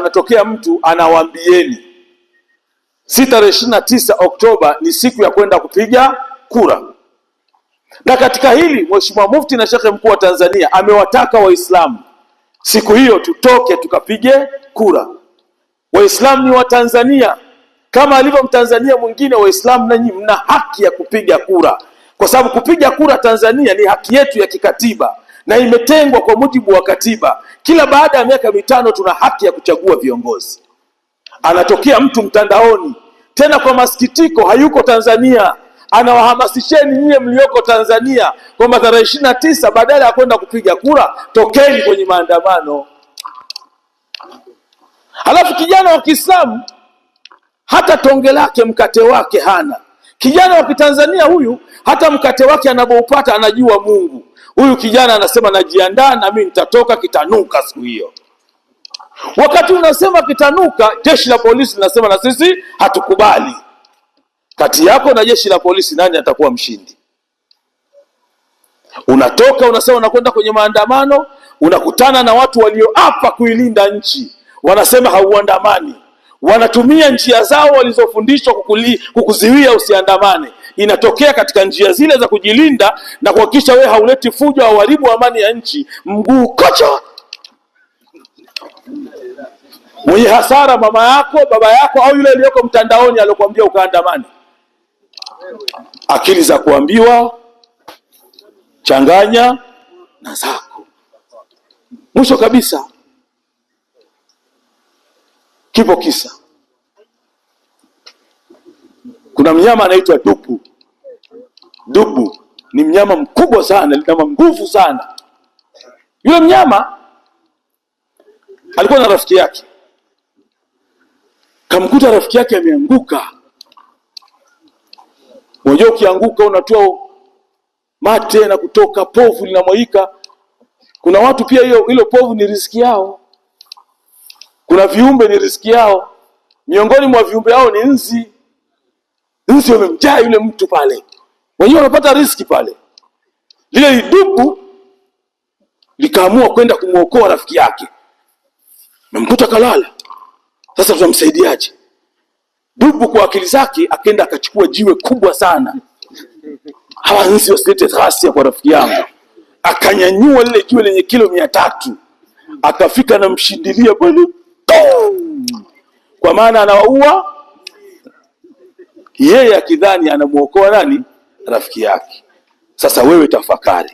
Anatokea mtu anawaambieni, si tarehe ishirini na tisa Oktoba ni siku ya kwenda kupiga kura. Na katika hili Mheshimiwa Mufti na Shekhe Mkuu wa Tanzania amewataka Waislamu siku hiyo tutoke tukapige kura. Waislamu ni Watanzania kama alivyo Mtanzania mwingine. Waislamu nanyi mna haki ya kupiga kura, kwa sababu kupiga kura Tanzania ni haki yetu ya kikatiba na imetengwa kwa mujibu wa katiba. Kila baada ya miaka mitano tuna haki ya kuchagua viongozi. Anatokea mtu mtandaoni, tena kwa masikitiko hayuko Tanzania, anawahamasisheni nyie mlioko Tanzania kwamba tarehe ishirini na tisa badala ya kwenda kupiga kura, tokeni kwenye maandamano. Halafu kijana wa Kiislamu hata tonge lake mkate wake hana. Kijana wa Kitanzania huyu hata mkate wake anapoupata anajua Mungu Huyu kijana anasema najiandaa, na mimi nitatoka kitanuka siku hiyo. Wakati unasema kitanuka, jeshi la polisi linasema na sisi hatukubali. Kati yako na jeshi la polisi, nani atakuwa mshindi? Unatoka unasema unakwenda kwenye maandamano, unakutana na watu walioapa kuilinda nchi, wanasema hauandamani, wanatumia njia zao walizofundishwa kukuzuia usiandamane inatokea katika njia zile za kujilinda na kuhakikisha wewe hauleti fujo au uharibu amani ya nchi. Mguu kocho mwenye hasara mama yako, baba yako, au yule aliyoko mtandaoni aliyokuambia ukaandamani. Akili za kuambiwa changanya na zako. Mwisho kabisa, kipo kisa kuna mnyama anaitwa dubu. Dubu ni mnyama mkubwa sana, lina nguvu sana. Yule mnyama alikuwa na rafiki yake, kamkuta rafiki yake ameanguka. Unajua, ukianguka unatoa mate na kutoka povu linamwaika Kuna watu pia hiyo hilo povu ni riziki yao, kuna viumbe ni riziki yao. Miongoni mwa viumbe hao ni nzi. Nzi wamemjaa yule mtu pale, wenyewe wanapata riski pale. Lile lidubu likaamua kwenda kumwokoa rafiki yake, memkuta kalala. Sasa tunamsaidiaje? Dubu kwa akili zake akenda akachukua jiwe kubwa sana, hawa nzi wasilete ghasia kwa rafiki yangu. Akanyanyua lile jiwe lenye kilo mia tatu akafika mshindilia pale, kwa maana anawaua yeye akidhani anamwokoa nani? Rafiki yake. Sasa wewe tafakari,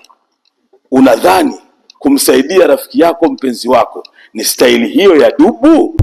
unadhani kumsaidia rafiki yako mpenzi wako ni staili hiyo ya dubu